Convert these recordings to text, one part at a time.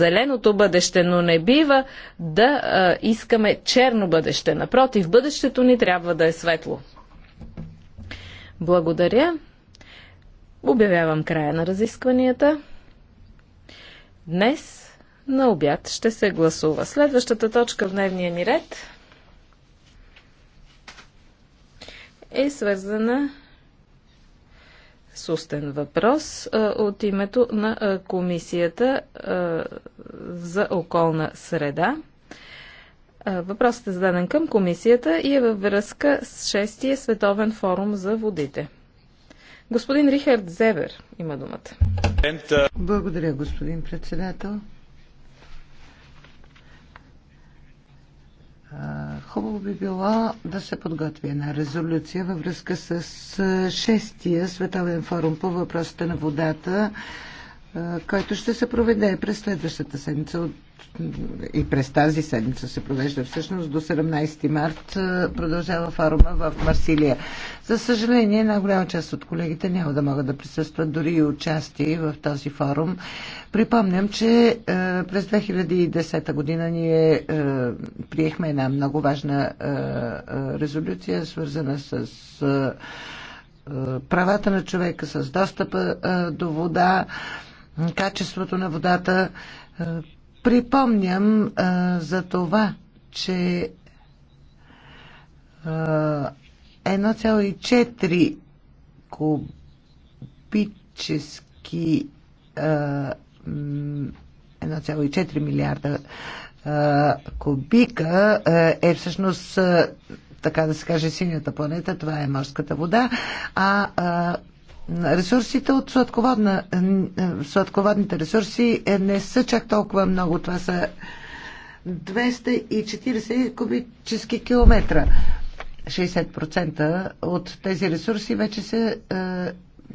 зеленото бъдеще, но не бива да а, искаме черно бъдеще. Напротив, бъдещето ни трябва да е светло. Благодаря. Обявявам края на разискванията. Днес на обяд ще се гласува. Следващата точка в дневния ни ред е свързана с устен въпрос от името на Комисията за околна среда. Въпросът е зададен към комисията и е във връзка с 6-я Световен форум за водите. Господин Рихард Зебер има думата. Благодаря, господин председател. Хубаво би било да се подготви една резолюция във връзка с шестия световен форум по въпросите на водата, който ще се проведе през следващата седмица от, и през тази седмица се провежда всъщност до 17 март продължава форума в Марсилия. За съжаление, една голяма част от колегите няма да могат да присъстват дори и участие в този форум. Припомням, че през 2010 година ние приехме една много важна резолюция, свързана с правата на човека, с достъпа до вода, качеството на водата. Е, припомням е, за това, че 1,4 е, кубически 1,4 милиарда кубика е всъщност така да се каже синята планета, това е морската вода, а Ресурсите от сладководна, е, сладководните ресурси е, не са чак толкова много. Това са 240 кубически километра. 60% от тези ресурси вече са,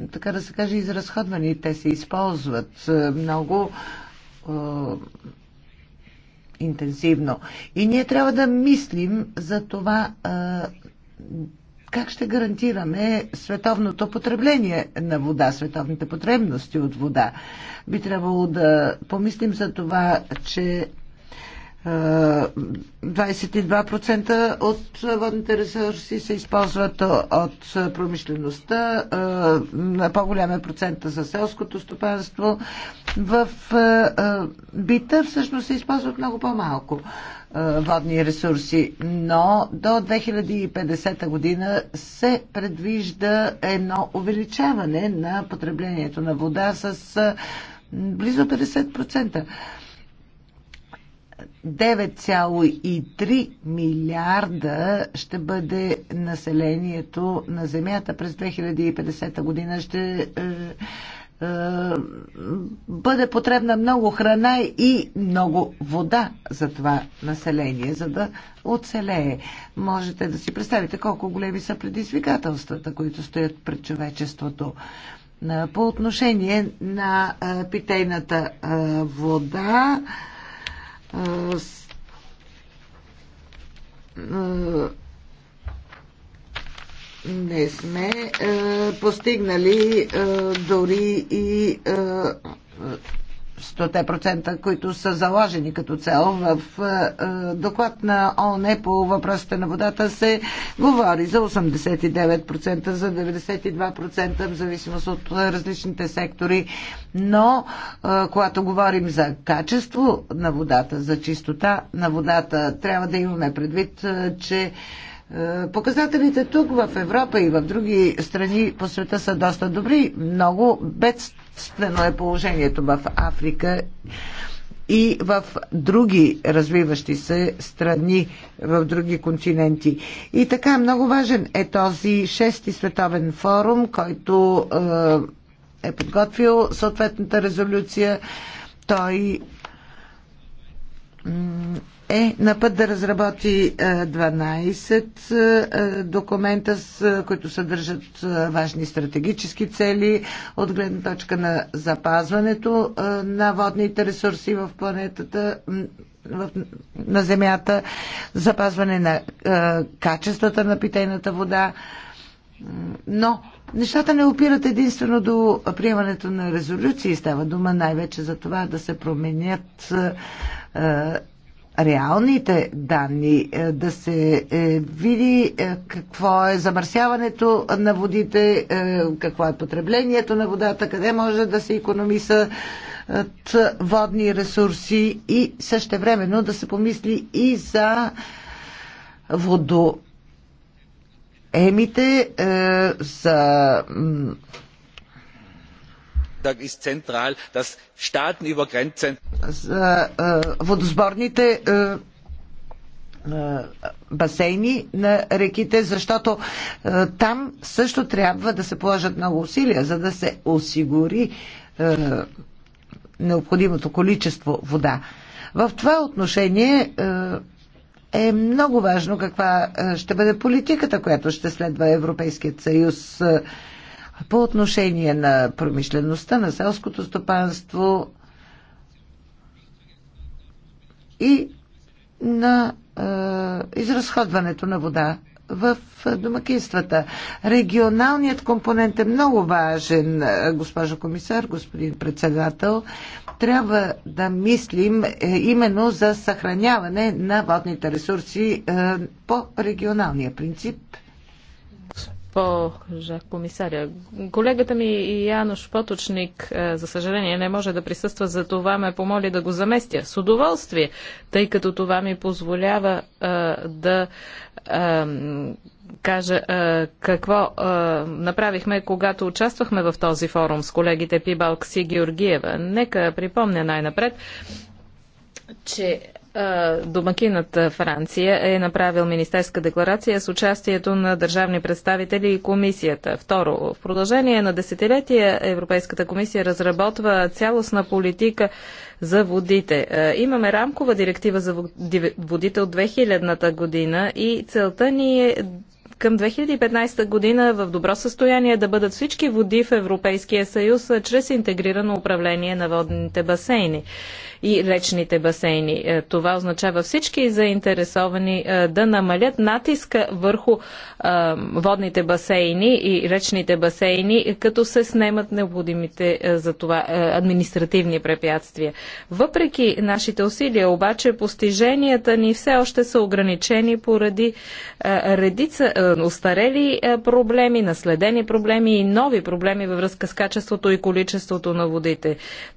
е, така да се каже, изразходвани. Те се използват много интенсивно. И ние трябва да мислим за това как ще гарантираме световното потребление на вода, световните потребности от вода. Би трябвало да помислим за това, че 22% от водните ресурси се използват от промишлеността, на по-голям е процента за селското стопанство. В бита всъщност се използват много по-малко водни ресурси, но до 2050 година се предвижда едно увеличаване на потреблението на вода с близо 50%. 9,3 милиарда ще бъде населението на Земята през 2050 година. Ще е, е, бъде потребна много храна и много вода за това население, за да оцелее. Можете да си представите колко големи са предизвикателствата, които стоят пред човечеството. Е, по отношение на питейната вода, не сме постигнали дори и 100%, които са заложени като цел в е, е, доклад на ООН по въпросите на водата се говори за 89%, за 92% в зависимост от различните сектори, но е, когато говорим за качество на водата, за чистота на водата, трябва да имаме предвид, че Показателите тук в Европа и в други страни по света са доста добри. Много бедствия Бедствено е положението в Африка и в други развиващи се страни, в други континенти. И така, много важен е този шести световен форум, който е, е подготвил съответната резолюция. Той е на път да разработи 12 е, е, е, документа, които съдържат важни стратегически цели от гледна точка на запазването на водните ресурси в планетата на Земята, запазване на качествата на питейната вода. Но нещата не опират единствено до приемането на резолюции. Става дума най-вече за това да се променят реалните данни, е, да се е, види е, какво е замърсяването на водите, какво е потреблението на водата, къде може да се економиса водни ресурси и също времено да се помисли и за водоемите, за Beitrag ist zentral, dass Staaten über Grenzen. За е, водосборните е, е, басейни на реките, защото там също трябва да се положат много усилия, за да се осигури необходимото количество вода. В това отношение е много важно каква ще бъде политиката, която ще следва Европейският съюз по отношение на промишлеността, на селското стопанство и на е, изразходването на вода в домакинствата. Регионалният компонент е много важен, е, госпожо комисар, господин председател. Трябва да мислим е, именно за съхраняване на водните ресурси е, по регионалния принцип госпожа комисаря. Колегата ми Януш Поточник, е, за съжаление, не може да присъства, за това ме помоли да го заместя. С удоволствие, тъй като това ми позволява а, е, да а, е, кажа а, какво а, направихме, когато участвахме в този форум с колегите Пибалкси Георгиева. Нека припомня най-напред, че Домакинът Франция е направил министерска декларация с участието на държавни представители и комисията. Второ, в продължение на десетилетия Европейската комисия разработва цялостна политика за водите. Имаме рамкова директива за водите от 2000-та година и целта ни е към 2015 година в добро състояние да бъдат всички води в Европейския съюз чрез интегрирано управление на водните басейни и речните басейни. Е, това означава всички заинтересовани е, да намалят натиска върху е, водните басейни и речните басейни, като се снемат необходимите за това административни препятствия. Въпреки нашите усилия, обаче постиженията ни все още са ограничени поради редица остарели е, е, проблеми, наследени проблеми и нови проблеми във връзка с качеството и количеството на водите.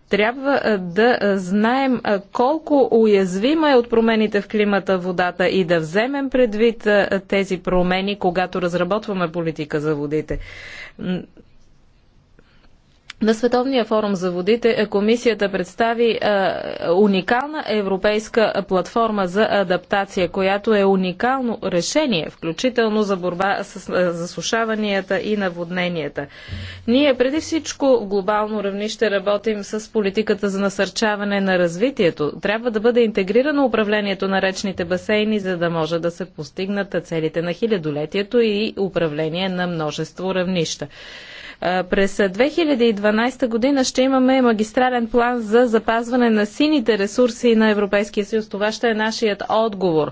Трябва е, да знаем колко уязвима е от промените в климата водата и да вземем предвид тези промени, когато разработваме политика за водите. На Световния форум за водите е, комисията представи а, е, уникална европейска платформа за адаптация, която е уникално решение, включително за борба с е, засушаванията и наводненията. Ние преди всичко в глобално равнище работим с политиката за насърчаване на развитието. Трябва да бъде интегрирано управлението на речните басейни, за да може да се постигнат целите на хилядолетието и управление на множество равнища. През 2012 година ще имаме магистрален план за запазване на сините ресурси на Европейския съюз. Това ще е нашият отговор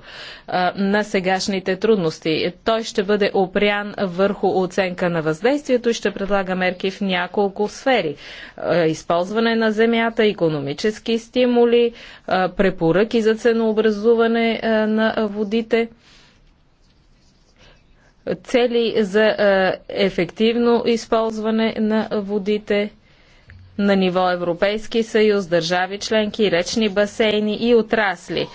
на сегашните трудности. Той ще бъде опрян върху оценка на въздействието и ще предлага мерки в няколко сфери. Използване на земята, економически стимули, препоръки за ценообразуване на водите цели за ефективно използване на водите на ниво Европейски съюз, държави членки, речни басейни и отрасли.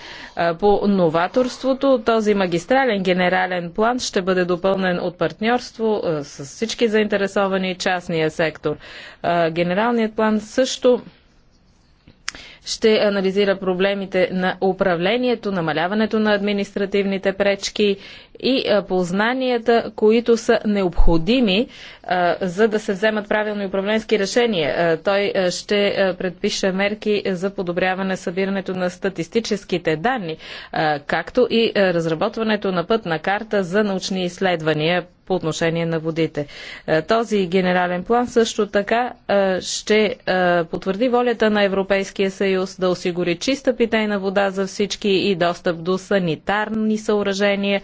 По новаторството този магистрален генерален план ще бъде допълнен от партньорство с всички заинтересовани частния сектор. Генералният план също ще анализира проблемите на управлението, намаляването на административните пречки и познанията, които са необходими, за да се вземат правилни управленски решения. Той ще предпише мерки за подобряване събирането на статистическите данни, както и разработването на пътна карта за научни изследвания по отношение на водите. Е, този генерален план също така е, ще е, потвърди волята на Европейския съюз да осигури чиста питейна вода за всички и достъп до санитарни съоръжения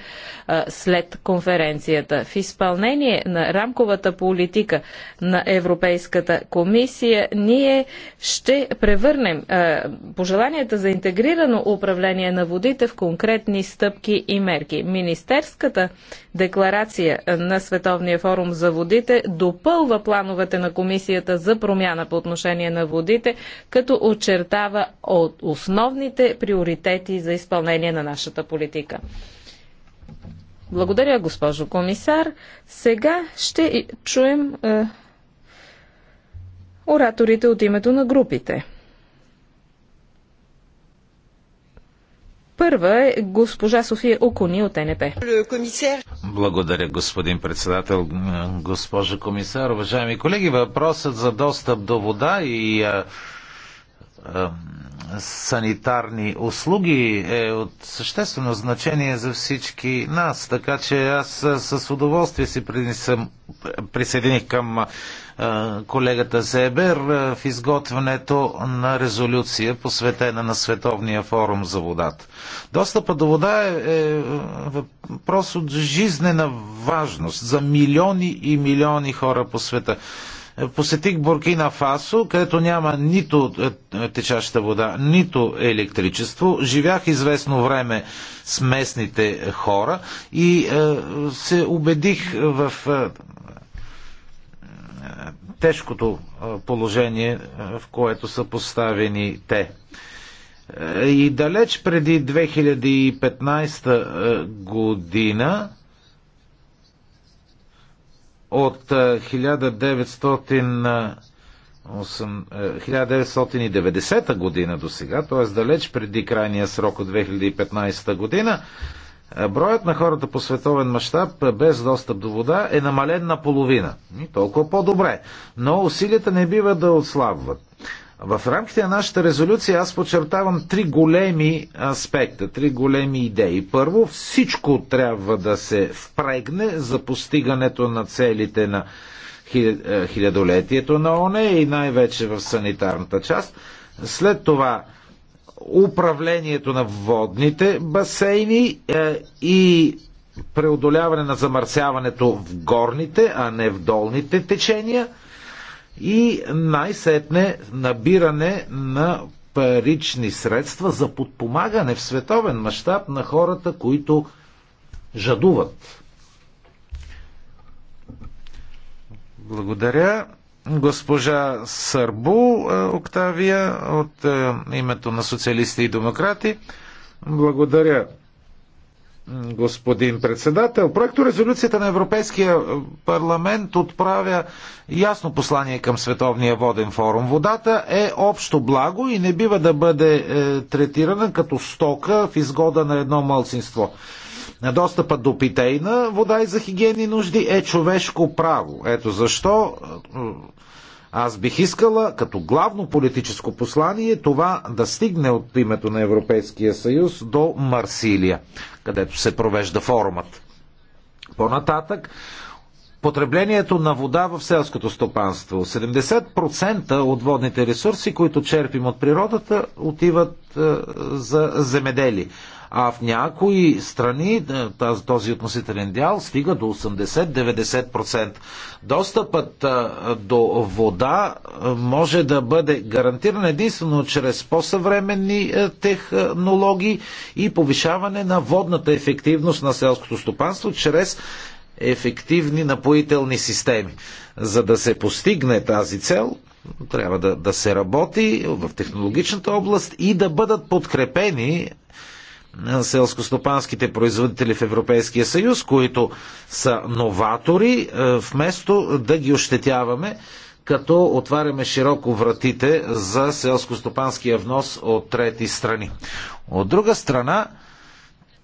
след конференцията. В изпълнение на рамковата политика на Европейската комисия ние ще превърнем пожеланията за интегрирано управление на водите в конкретни стъпки и мерки. Министерската декларация на Световния форум за водите допълва плановете на комисията за промяна по отношение на водите, като очертава от основните приоритети за изпълнение на нашата политика. Благодаря, госпожо комисар. Сега ще чуем е, ораторите от името на групите. Първа е госпожа София Окуни от НП. Благодаря, господин председател, госпожа комисар. Уважаеми колеги, въпросът за достъп до вода и а, а, санитарни услуги е от съществено значение за всички нас. Така че аз с удоволствие си присъединих към е, колегата Себер е, в изготвянето на резолюция, посветена на Световния форум за водата. Достъпа до вода е, е, е въпрос от жизнена важност за милиони и милиони хора по света. Посетих Буркина Фасо, където няма нито течаща вода, нито електричество. Живях известно време с местните хора и се убедих в тежкото положение, в което са поставени те. И далеч преди 2015 година от 1990 година до сега, т.е. далеч преди крайния срок от 2015 година, Броят на хората по световен мащаб без достъп до вода е намален на половина. И толкова по-добре. Но усилията не бива да отслабват. В рамките на нашата резолюция аз подчертавам три големи аспекта, три големи идеи. Първо, всичко трябва да се впрегне за постигането на целите на е, хилядолетието на ОНЕ и най-вече в санитарната част. След това управлението на водните басейни е, и преодоляване на замърсяването в горните, а не в долните течения и най-сетне набиране на парични средства за подпомагане в световен мащаб на хората, които жадуват. Благодаря госпожа Сърбу е, Октавия от е, името на социалисти и демократи. Благодаря, господин председател. Проекто резолюцията на Европейския парламент отправя ясно послание към Световния воден форум. Водата е общо благо и не бива да бъде е, третирана като стока в изгода на едно мълцинство. Достъпът до питейна вода и за хигиени нужди е човешко право. Ето защо аз бих искала като главно политическо послание това да стигне от името на Европейския съюз до Марсилия, където се провежда форумът. По-нататък, потреблението на вода в селското стопанство. 70% от водните ресурси, които черпим от природата, отиват е, за земеделие а в някои страни е, този относителен дял стига до 80-90%. Достъпът е, до вода е, може да бъде гарантиран единствено чрез по-съвременни технологии и повишаване на водната ефективност на селското стопанство чрез ефективни напоителни системи. За да се постигне тази цел, трябва да, да се работи в технологичната област и да бъдат подкрепени селскостопанските производители в Европейския съюз, които са новатори, е, вместо да ги ощетяваме, като отваряме широко вратите за селскостопанския внос от трети страни. От друга страна,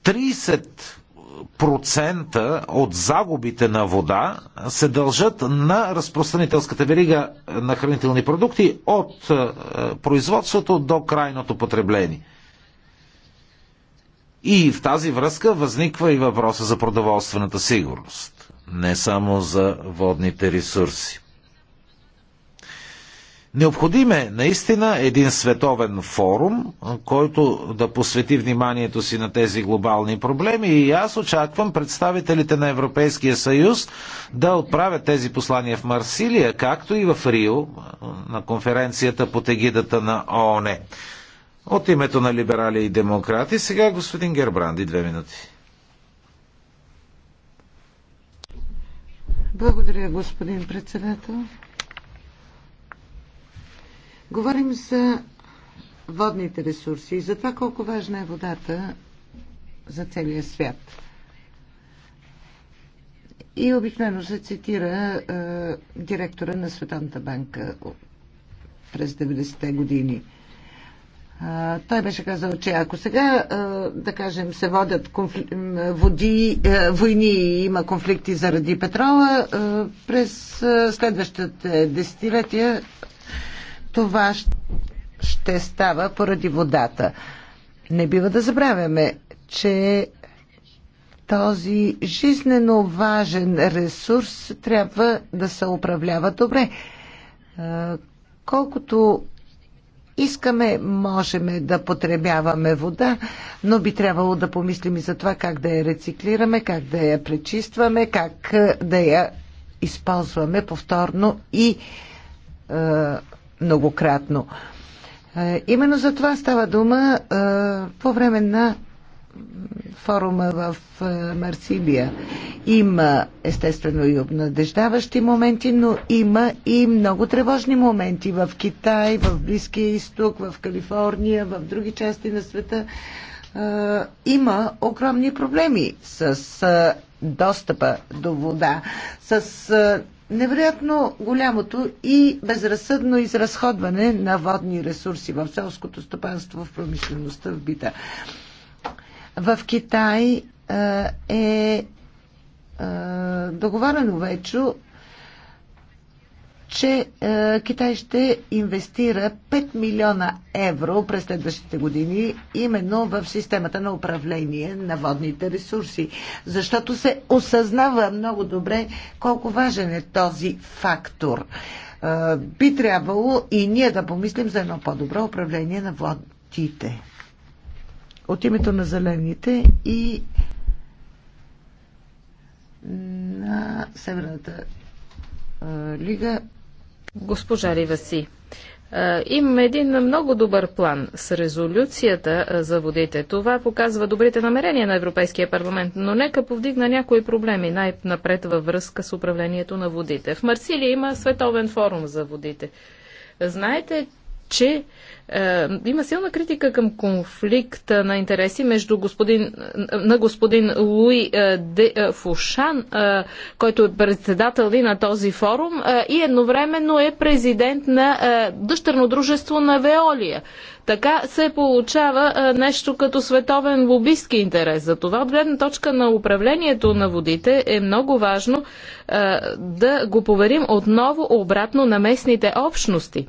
30% от загубите на вода се дължат на разпространителската верига на хранителни продукти от е, производството до крайното потребление. И в тази връзка възниква и въпроса за продоволствената сигурност, не само за водните ресурси. Необходим е наистина един световен форум, който да посвети вниманието си на тези глобални проблеми и аз очаквам представителите на Европейския съюз да отправят тези послания в Марсилия, както и в Рио на конференцията под егидата на ООН. От името на либерали и демократи, сега господин Гербранди, две минути. Благодаря, господин председател. Говорим за водните ресурси и за това колко важна е водата за целия свят. И обикновено се цитира е, директора на Световната банка през 90-те години – той беше казал, че ако сега, да кажем, се водят конфли... води... войни и има конфликти заради петрола, през следващите десетилетия това ще става поради водата. Не бива да забравяме, че този жизнено важен ресурс трябва да се управлява добре. Колкото искаме, можем да потребяваме вода, но би трябвало да помислим и за това как да я рециклираме, как да я пречистваме, как е, да я използваме повторно и е, многократно. Е, именно за това става дума е, по време на форума в е, Марсилия. Има естествено и обнадеждаващи моменти, но има и много тревожни моменти в Китай, в Близкия изток, в Калифорния, в други части на света. Е, има огромни проблеми с е, достъпа до вода, с невероятно голямото и безразсъдно изразходване на водни ресурси в селското стопанство, в промишлеността, в бита. В Китай е, е, е договорено вече, че е, Китай ще инвестира 5 милиона евро през следващите години именно в системата на управление на водните ресурси, защото се осъзнава много добре колко важен е този фактор. Би трябвало и ние да помислим за едно по-добро управление на водите от името на зелените и на Северната лига. Госпожа Риваси, Имаме един много добър план с резолюцията за водите. Това показва добрите намерения на Европейския парламент, но нека повдигна някои проблеми най-напред във връзка с управлението на водите. В Марсилия има световен форум за водите. Знаете, че е, има силна критика към конфликта на интереси между господин, на господин Луи е, Де, е, Фушан, е, който е председател и на този форум е, и едновременно е президент на е, дъщерно дружество на Веолия. Така се получава е, нещо като световен лобистки интерес. За това от гледна точка на управлението на водите е много важно е, да го поверим отново обратно на местните общности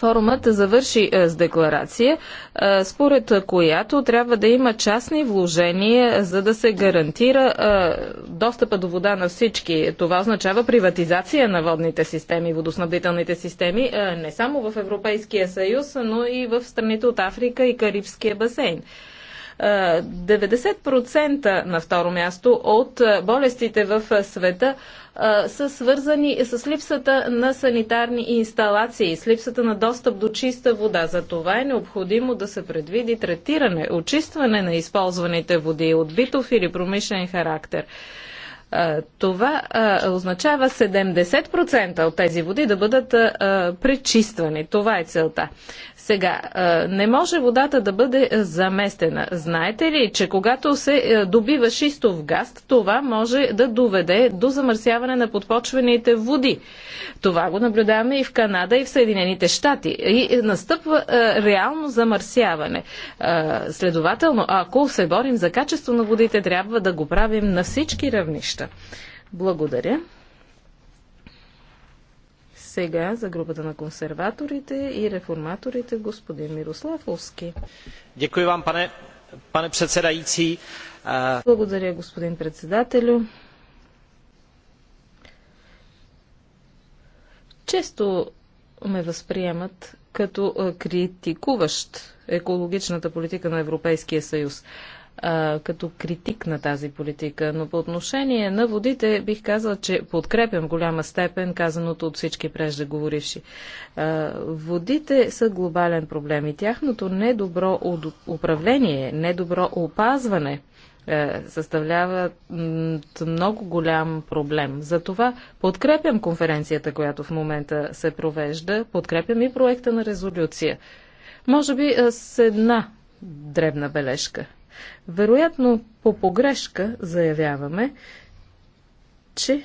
форумът завърши е, с декларация, е, според която трябва да има частни вложения, за да се гарантира е, достъпа до вода на всички. Това означава приватизация на водните системи, водоснабдителните системи, не само в Европейския съюз, но и в страните от Африка и Карибския басейн. 90% на второ място от болестите в света са свързани с липсата на санитарни инсталации, с липсата на достъп до чиста вода. За това е необходимо да се предвиди третиране, очистване на използваните води от битов или промишлен характер. Това означава 70% от тези води да бъдат пречиствани. Това е целта. Сега, не може водата да бъде е, заместена. Знаете ли, че когато се е, добива шистов газ, това може да доведе до замърсяване на подпочвените води. Това го наблюдаваме и в Канада, и в Съединените щати. И е, настъпва реално замърсяване. Следователно, ако се борим за качество на водите, трябва да го правим на всички равнища. Благодаря. Сега за групата на консерваторите и реформаторите господин Мирослав Уски. Дякую вам, пане, пане председající. Благодаря, господин председателю. Често ме възприемат като критикуващ екологичната политика на Европейския съюз като критик на тази политика. Но по отношение на водите бих казала, че подкрепям голяма степен казаното от всички преждеговоривши. Водите са глобален проблем и тяхното недобро управление, недобро опазване съставляват много голям проблем. Затова подкрепям конференцията, която в момента се провежда, подкрепям и проекта на резолюция. Може би с една дребна бележка. Вероятно по погрешка заявяваме, че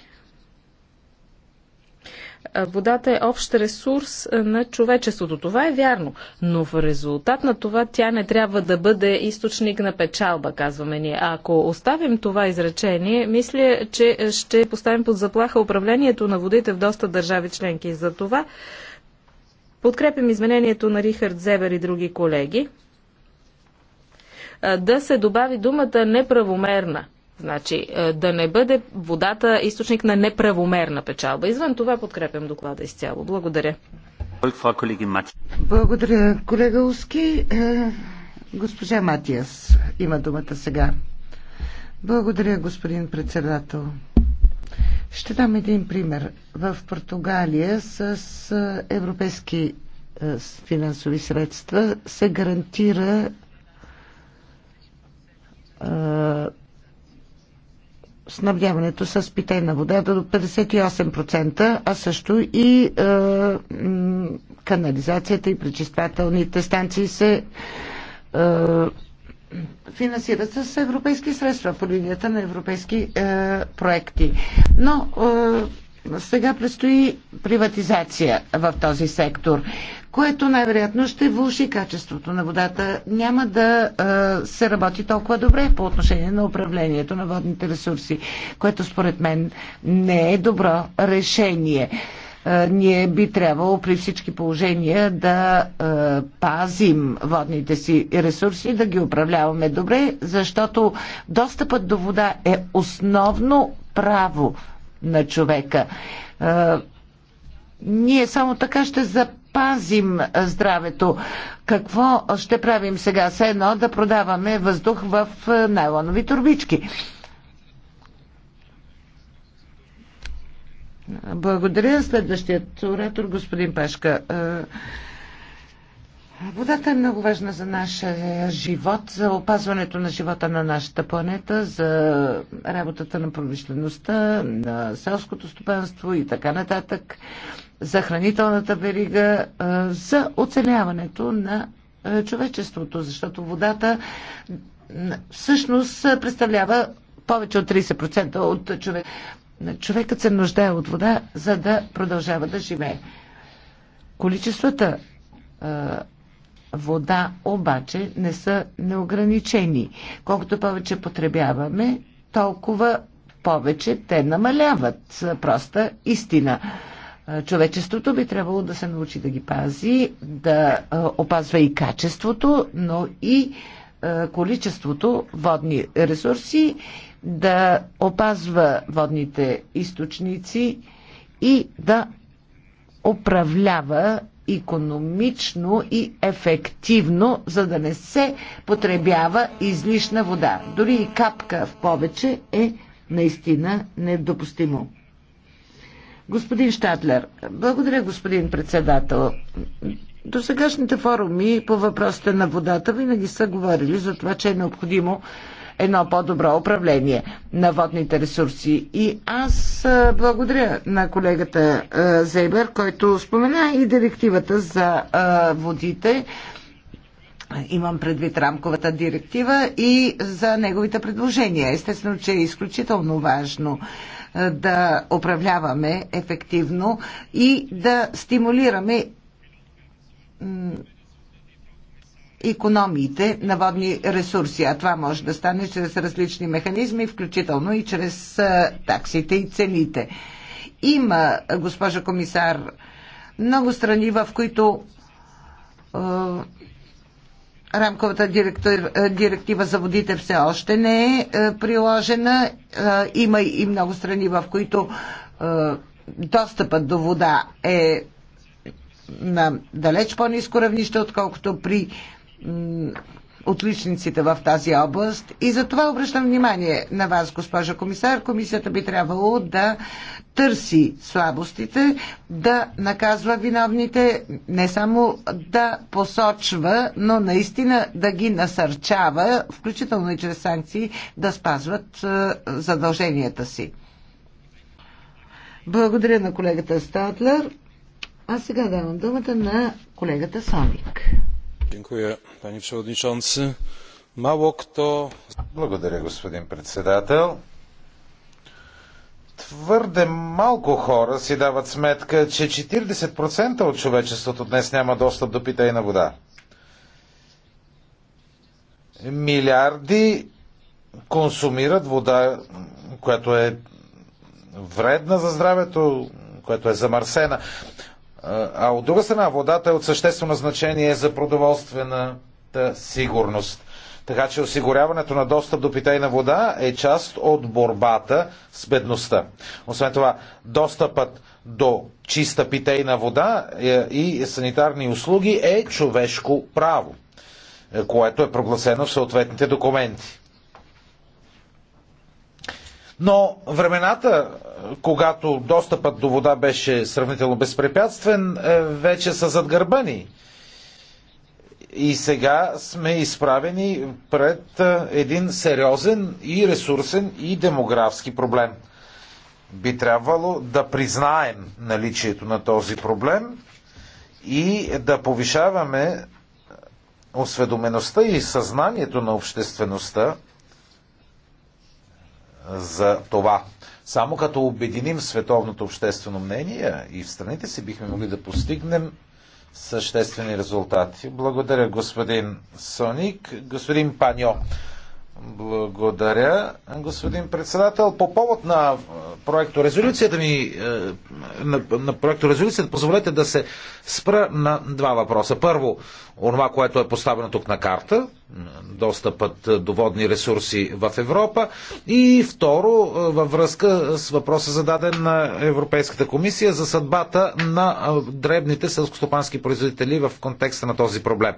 водата е общ ресурс на човечеството. Това е вярно, но в резултат на това тя не трябва да бъде източник на печалба, казваме ние. А ако оставим това изречение, мисля, че ще поставим под заплаха управлението на водите в доста държави членки. За това подкрепим изменението на Рихард Зебер и други колеги да се добави думата неправомерна. Значи да не бъде водата източник на неправомерна печалба. Извън това подкрепям доклада изцяло. Благодаря. Благодаря, колега Уски. Е, госпожа Матиас има думата сега. Благодаря, господин председател. Ще дам един пример. В Португалия с е, европейски е, финансови средства се гарантира снабдяването с питейна вода до 58%, а също и канализацията и пречиствателните станции се финансират с европейски средства по линията на европейски а, проекти. Но а, сега предстои приватизация в този сектор което най-вероятно ще влуши качеството на водата. Няма да а, се работи толкова добре по отношение на управлението на водните ресурси, което според мен не е добро решение. А, ние би трябвало при всички положения да а, пазим водните си ресурси, да ги управляваме добре, защото достъпът до вода е основно право на човека. А, ние само така ще запазим Пазим здравето. Какво ще правим сега? Все едно да продаваме въздух в найлонови турбички. Благодаря. Следващият оратор, господин Пашка. Водата е много важна за нашия живот, за опазването на живота на нашата планета, за работата на промишлеността, на селското стопанство и така нататък, за хранителната верига, за оцеляването на човечеството, защото водата всъщност представлява повече от 30% от човек. Човекът се нуждае от вода, за да продължава да живее. Количествата вода обаче не са неограничени. Колкото повече потребяваме, толкова повече те намаляват. Проста истина. Човечеството би трябвало да се научи да ги пази, да опазва и качеството, но и количеството водни ресурси, да опазва водните източници и да управлява економично и ефективно, за да не се потребява излишна вода. Дори и капка в повече е наистина недопустимо. Господин Штатлер, благодаря господин председател. До сегашните форуми по въпросите на водата винаги са говорили за това, че е необходимо едно по-добро управление на водните ресурси. И аз благодаря на колегата Зейбер, който спомена и директивата за водите. Имам предвид рамковата директива и за неговите предложения. Естествено, че е изключително важно да управляваме ефективно и да стимулираме економиите на водни ресурси. А това може да стане чрез различни механизми, включително и чрез таксите и цените. Има, госпожа комисар, много страни, в които е, рамковата директор, директива за водите все още не е, е приложена. Е, има и много страни, в които е, достъпът до вода е на далеч по-низко равнище, отколкото при отличниците в тази област. И за това обръщам внимание на вас, госпожа комисар. Комисията би трябвало да търси слабостите, да наказва виновните, не само да посочва, но наистина да ги насърчава, включително и чрез санкции, да спазват е, задълженията си. Благодаря на колегата Статлер. А сега давам думата на колегата Соник. Благодаря, господин председател. Твърде малко хора си дават сметка, че 40% от човечеството днес няма достъп до питейна вода. Милиарди консумират вода, която е вредна за здравето, която е замърсена. А от друга страна, водата е от съществено значение за продоволствената сигурност. Така че осигуряването на достъп до питейна вода е част от борбата с бедността. Освен това, достъпът до чиста питейна вода е, и санитарни услуги е човешко право, е, което е прогласено в съответните документи. Но времената, е, когато достъпът до вода беше сравнително безпрепятствен, е, вече са зад гърба ни. И сега сме изправени пред е, един сериозен и ресурсен и демографски проблем. Би трябвало да признаем наличието на този проблем и да повишаваме осведомеността и съзнанието на обществеността за това. Само като обединим световното обществено мнение и в страните си бихме могли да постигнем съществени резултати. Благодаря, господин Соник. Господин Паньо, благодаря, господин председател. По повод на проекто резолюцията ми, е, на, на проекто резолюцията, позволете да се спра на два въпроса. Първо, онова, което е поставено тук на карта, достъпът до водни ресурси в Европа. И второ, е, във връзка с въпроса зададен на Европейската комисия за съдбата на дребните селскостопански производители в контекста на този проблем.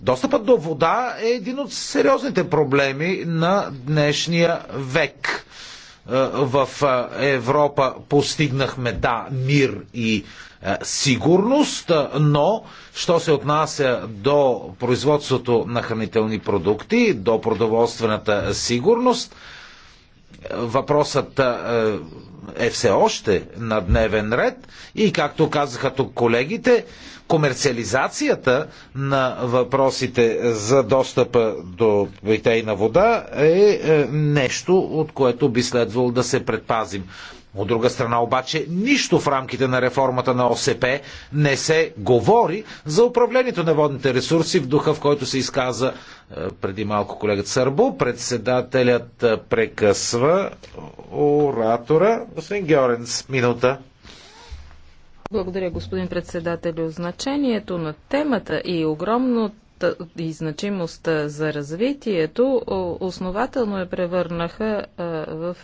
Достъпът до вода е един от сериозните проблеми на днешния век. Е, в е, Европа постигнахме, да, мир и е, сигурност, но, що се отнася до производството на хранителни продукти, до продоволствената сигурност, въпросът е все още на дневен ред и, както казаха тук колегите, комерциализацията на въпросите за достъпа до питейна вода е, е нещо, от което би следвало да се предпазим. От друга страна обаче, нищо в рамките на реформата на ОСП не се говори за управлението на водните ресурси в духа, в който се изказа е, преди малко колегата Сърбо. Председателят е, прекъсва оратора. Господин Георенс, минута. Благодаря, господин председател. Значението на темата и огромното и значимостта за развитието основателно я превърнаха в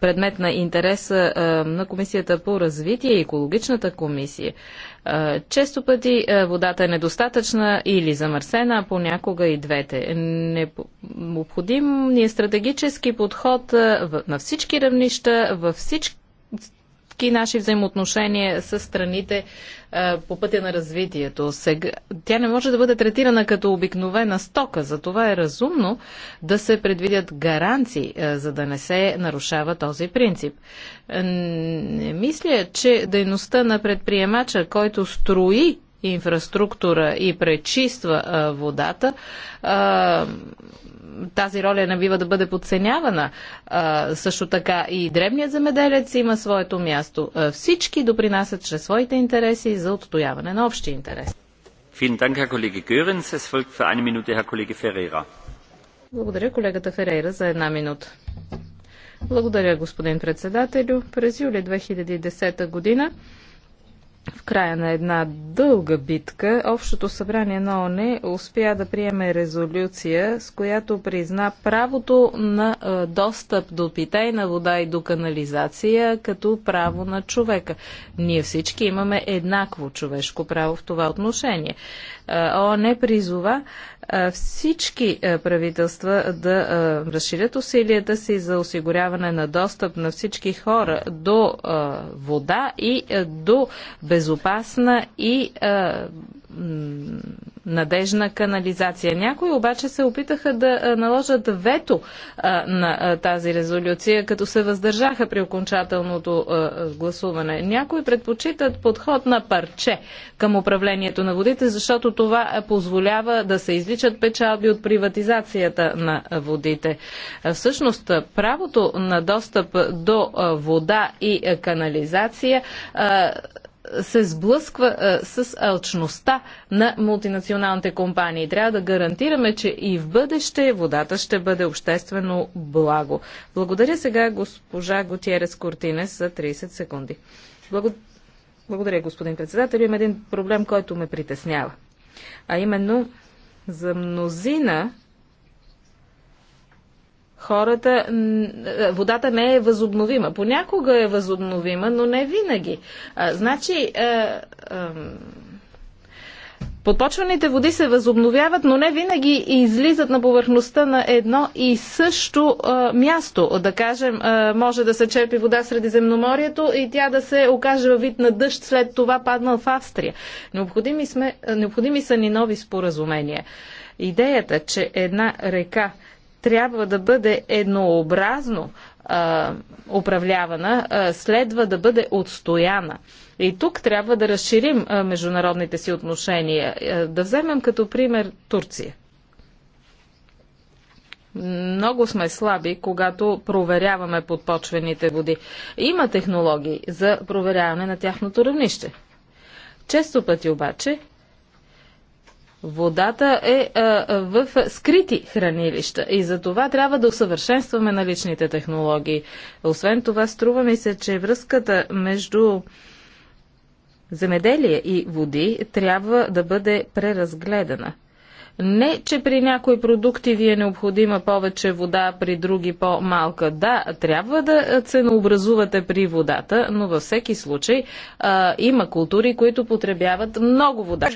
предмет на интереса на Комисията по развитие и екологичната комисия. Често пъти водата е недостатъчна или замърсена, а понякога и двете. Необходим ни е стратегически подход на всички равнища, във всички всички наши взаимоотношения с страните а, по пътя на развитието. Сега, тя не може да бъде третирана като обикновена стока, затова е разумно да се предвидят гаранции, а, за да не се нарушава този принцип. Не мисля, че дейността на предприемача, който строи инфраструктура и пречиства а, водата, а, тази роля не бива да бъде подценявана. А, също така и древният земеделец има своето място. А, всички допринасят чрез своите интереси за отстояване на общи интерес. Благодаря колегата Ферейра за една минута. Благодаря, господин председателю. През юли 2010 година в края на една дълга битка, Общото събрание на ОНЕ успя да приеме резолюция, с която призна правото на достъп до питейна вода и до канализация като право на човека. Ние всички имаме еднакво човешко право в това отношение. ОНЕ призова всички правителства да разширят усилията си за осигуряване на достъп на всички хора до вода и до безопасна и надежна канализация. Някои обаче се опитаха да наложат вето на тази резолюция, като се въздържаха при окончателното гласуване. Някои предпочитат подход на парче към управлението на водите, защото това позволява да се изличат печалби от приватизацията на водите. Всъщност, правото на достъп до вода и канализация се сблъсква а, с алчността на мултинационалните компании. Трябва да гарантираме, че и в бъдеще водата ще бъде обществено благо. Благодаря сега госпожа Готиерес Кортинес за 30 секунди. Благо... Благодаря, господин председател. Има един проблем, който ме притеснява. А именно, за мнозина хората, е, водата не е възобновима. Понякога е възобновима, но не винаги. А, значи, а, е, а, подпочваните води се възобновяват, но не винаги излизат на повърхността на едно и също а, място. Да кажем, а, може да се черпи вода среди земноморието и тя да се окаже във вид на дъжд, след това паднал в Австрия. Необходими, сме, необходими са ни нови споразумения. Идеята, че една река трябва да бъде еднообразно а, управлявана, а, следва да бъде отстояна. И тук трябва да разширим а, международните си отношения. А, да вземем като пример Турция. Много сме слаби, когато проверяваме подпочвените води. Има технологии за проверяване на тяхното равнище. Често пъти обаче Водата е в скрити хранилища и за това трябва да усъвършенстваме наличните технологии. Освен това, струва ми се, че връзката между земеделие и води трябва да бъде преразгледана. Не, че при някои продукти ви е необходима повече вода, при други по-малка. Да, трябва да ценообразувате при водата, но във всеки случай а, има култури, които потребяват много вода.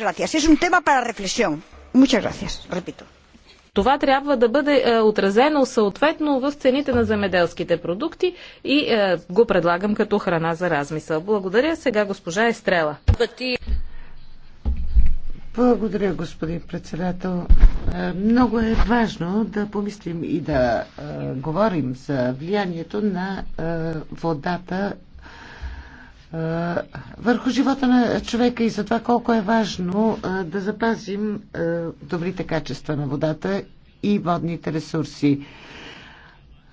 Това трябва да бъде а, е, отразено съответно в цените на земеделските продукти и а, е, го предлагам като храна за размисъл. Благодаря сега госпожа Естрела. Благодаря, господин председател. Е, много е важно да помислим и да е, говорим за влиянието на е, водата върху живота на човека и за това колко е важно да запазим добрите качества на водата и водните ресурси.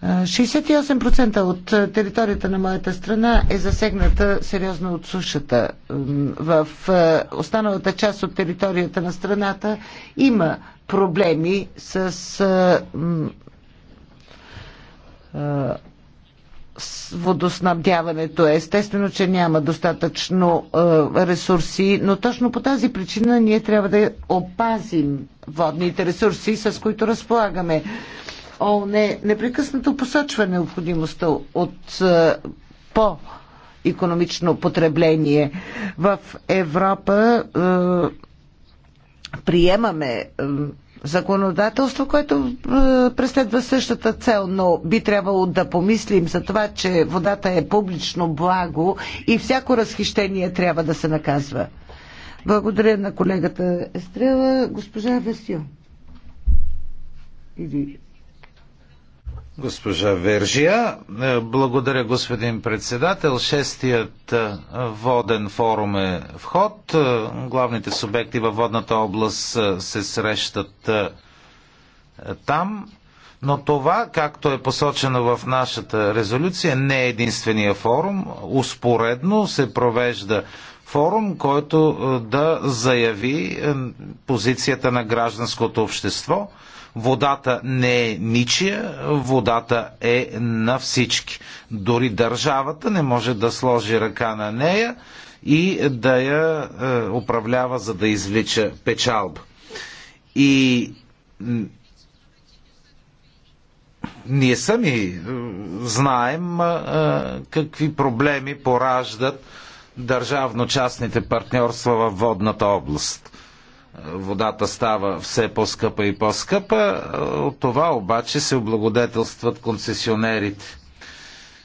68% от територията на моята страна е засегната сериозно от сушата. В останалата част от територията на страната има проблеми с водоснабдяването. Естествено, че няма достатъчно ресурси, но точно по тази причина ние трябва да опазим водните ресурси, с които разполагаме. ООН непрекъснато посочва необходимостта от е, по економично потребление. В Европа е, приемаме е, законодателство, което е, преследва същата цел, но би трябвало да помислим за това, че водата е публично благо и всяко разхищение трябва да се наказва. Благодаря на колегата Естрела, госпожа Васил. Или Госпожа Вержия, е, благодаря господин председател. Шестият е, воден форум е в ход. Е, главните субекти във водната област се срещат там. Но това, както е посочено в нашата резолюция, не е единствения форум. Успоредно се провежда форум, който да заяви позицията на гражданското общество – Водата не е ничия, водата е на всички. Дори държавата не може да сложи ръка на нея и да я е, управлява, за да извлича печалба. И ние сами е, знаем е, какви проблеми пораждат държавно-частните партньорства във водната област водата става все по-скъпа и по-скъпа. От това обаче се облагодетелстват концесионерите.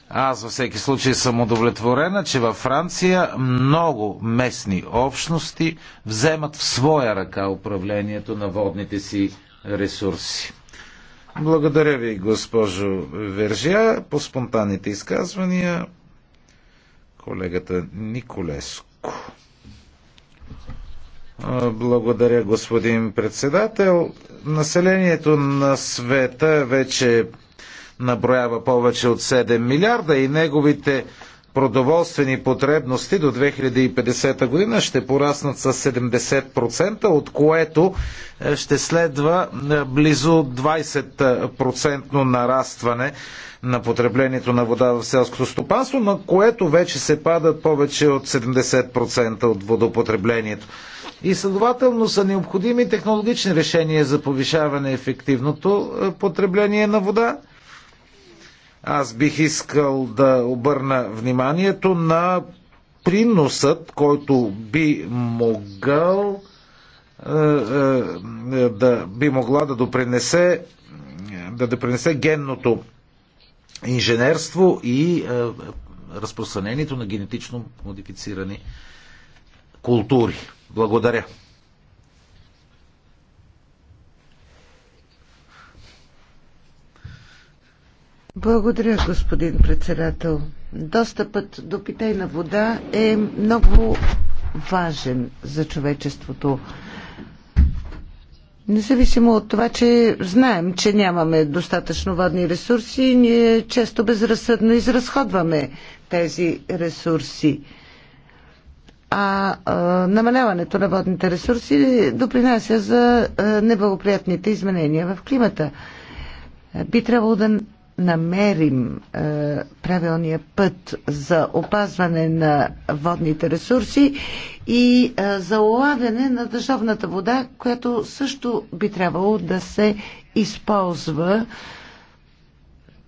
Аз във всеки случай съм удовлетворена, че във Франция много местни общности вземат в своя ръка управлението на водните си ресурси. Благодаря ви, госпожо Вержия. По спонтанните изказвания колегата Николеско. Благодаря, господин председател. Населението на света вече наброява повече от 7 милиарда и неговите продоволствени потребности до 2050 година ще пораснат с 70%, от което е, ще следва е, близо 20% нарастване на потреблението на вода в селското стопанство, на което вече се падат повече от 70% от водопотреблението. И следователно са необходими технологични решения за повишаване ефективното е, потребление на вода аз бих искал да обърна вниманието на приносът, който би могъл е, е, да би могла да допринесе да допринесе генното инженерство и е, разпространението на генетично модифицирани култури. Благодаря. Благодаря, господин председател. Достъпът до питейна вода е много важен за човечеството. Независимо от това, че знаем, че нямаме достатъчно водни ресурси, ние често безразсъдно изразходваме тези ресурси. А, а намаляването на водните ресурси допринася за а, неблагоприятните изменения в климата. Би трябвало да намерим е, правилния път за опазване на водните ресурси и е, за улавяне на държавната вода, която също би трябвало да се използва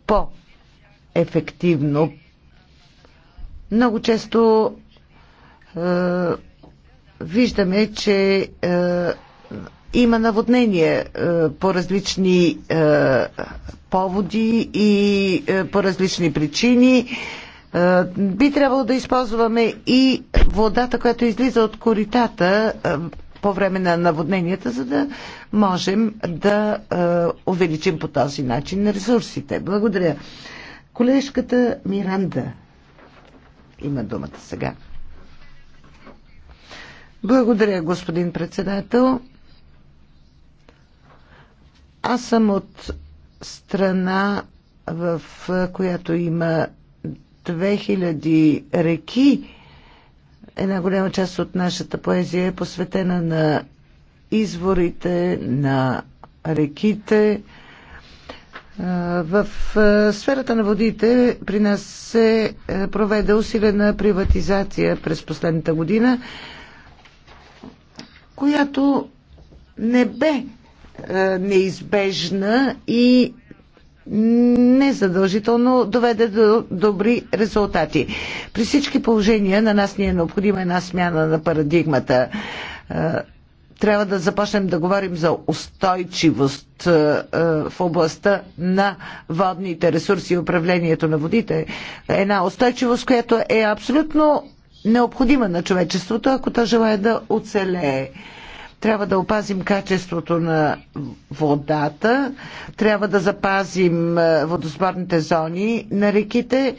по-ефективно. Много често е, виждаме, че е, има наводнение е, по различни е, поводи и е, по различни причини. Би трябвало да използваме и водата, която излиза от коритата по време на наводненията, за да можем да увеличим по този начин ресурсите. Благодаря. Колежката Миранда има думата сега. Благодаря, господин председател. Аз съм от страна, в която има 2000 реки. Една голяма част от нашата поезия е посветена на изворите, на реките. В сферата на водите при нас се проведе усилена приватизация през последната година, която не бе е, неизбежна и незадължително доведе до добри резултати. При всички положения на нас ни е необходима една смяна на парадигмата. Е, трябва да започнем да говорим за устойчивост е, в областта на водните ресурси и управлението на водите. Една устойчивост, която е абсолютно необходима на човечеството, ако то желая да оцелее. Трябва да опазим качеството на водата, трябва да запазим е, водосборните зони на реките,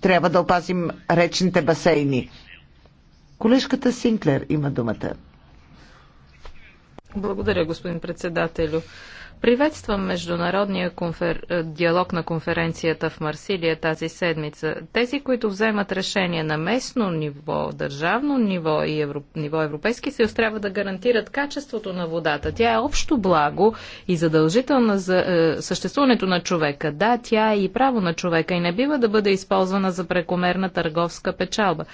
трябва да опазим речните басейни. Колежката Синклер има думата. Благодаря, господин председателю. Приветствам международния конфер... Е, диалог на конференцията в Марсилия тази седмица. Тези, които вземат решение на местно ниво, държавно ниво и евро... ниво Европейски съюз, трябва да гарантират качеството на водата. Тя е общо благо и задължителна за е, съществуването на човека. Да, тя е и право на човека и не бива да бъде използвана за прекомерна търговска печалба.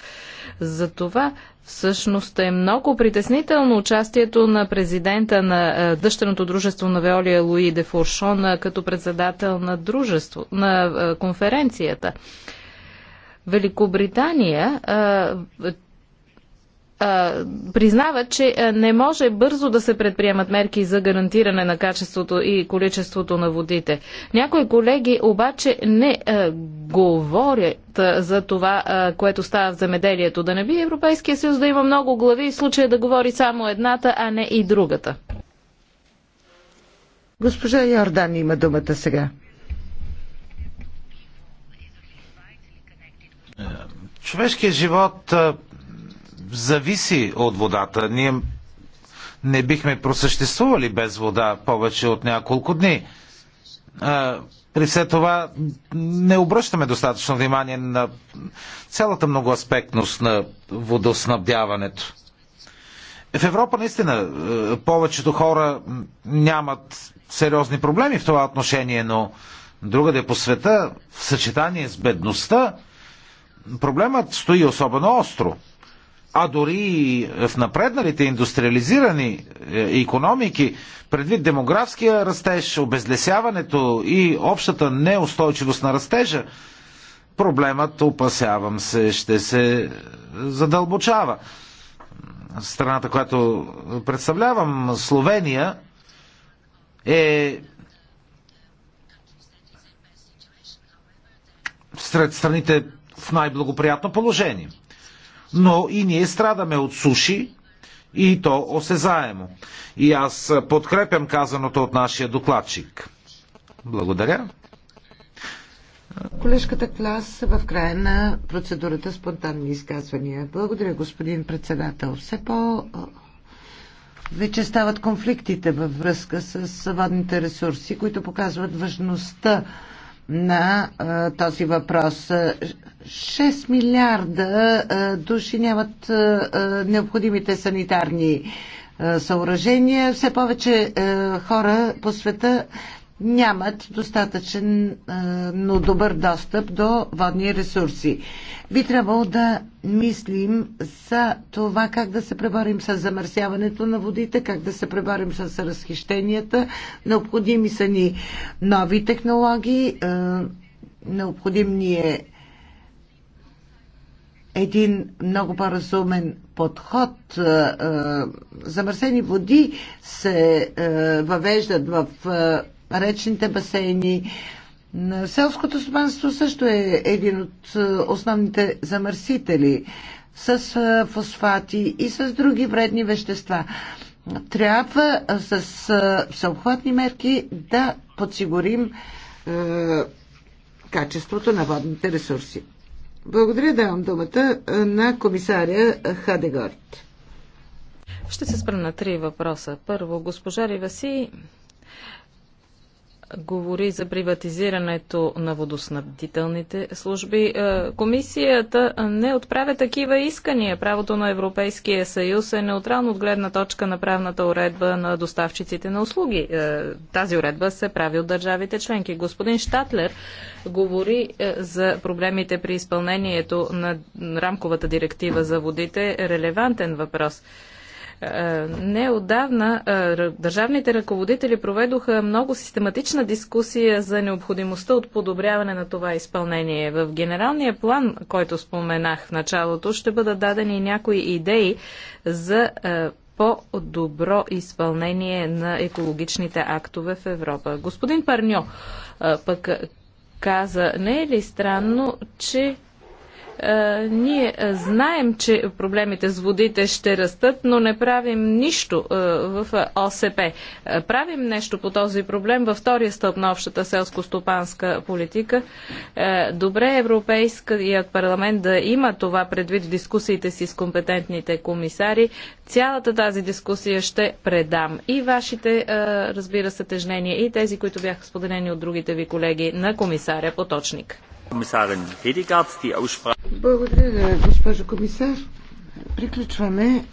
За това, всъщност е много притеснително участието на президента на е, дъщерното дружество на Веолия Луи де Фуршон е, като председател на, дружество, на е, конференцията. Великобритания признава, че не може бързо да се предприемат мерки за гарантиране на качеството и количеството на водите. Някои колеги обаче не а, говорят а, за това, а, което става в земеделието. Да не би Европейския съюз да има много глави и в случая да говори само едната, а не и другата. Госпожа Йордан има думата сега. Човешкият живот зависи от водата. Ние не бихме просъществували без вода повече от няколко дни. При все това не обръщаме достатъчно внимание на цялата многоаспектност на водоснабдяването. В Европа наистина е, повечето хора нямат сериозни проблеми в това отношение, но другаде по света, в съчетание с бедността, проблемът стои особено остро а дори и в напредналите индустриализирани економики, предвид демографския растеж, обезлесяването и общата неустойчивост на растежа, проблемът, опасявам се, ще се задълбочава. Страната, която представлявам, Словения, е сред страните в най-благоприятно положение но и ние страдаме от суши и то осезаемо. И аз подкрепям казаното от нашия докладчик. Благодаря. Колежката Клас в края на процедурата спонтанни изказвания. Благодаря, господин председател. Все по вече стават конфликтите във връзка с водните ресурси, които показват важността на а, този въпрос. 6 милиарда а, души нямат а, необходимите санитарни а, съоръжения. Все повече а, хора по света нямат достатъчен, но добър достъп до водни ресурси. Би трябвало да мислим за това как да се преборим с замърсяването на водите, как да се преборим с разхищенията. Необходими са ни нови технологии, необходим ни е един много по-разумен подход. Замърсени води се въвеждат в речните басейни. Селското стопанство също е един от е, основните замърсители с е, фосфати и с други вредни вещества. Трябва е, с всеобхватни мерки да подсигурим е, качеството на водните ресурси. Благодаря, давам думата на комисаря Хадегорд. Ще се спра на три въпроса. Първо, госпожа Риваси говори за приватизирането на водоснабдителните служби. Е, комисията не отправя такива искания. Правото на Европейския съюз е неутрално от гледна точка на правната уредба на доставчиците на услуги. Е, тази уредба се прави от държавите членки. Господин Штатлер говори е, за проблемите при изпълнението на рамковата директива за водите. Релевантен въпрос. Неодавна държавните ръководители проведоха много систематична дискусия за необходимостта от подобряване на това изпълнение. В генералния план, който споменах в началото, ще бъдат дадени някои идеи за по-добро изпълнение на екологичните актове в Европа. Господин Парньо пък каза, не е ли странно, че е, ние е, знаем, че проблемите с водите ще растат, но не правим нищо е, в ОСП. Правим нещо по този проблем във втория стълб на общата селско-стопанска политика. Добре Европейският парламент да има това предвид в дискусиите си с компетентните комисари. Цялата тази дискусия ще предам и вашите, разбира се, тежнения и тези, които бяха споделени от другите ви колеги на комисаря Поточник. Благодаря, госпожо комисар. Приключваме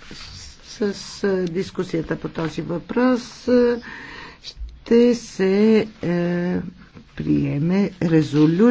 с, с дискусията по този въпрос. Ще се е, приеме резолюция.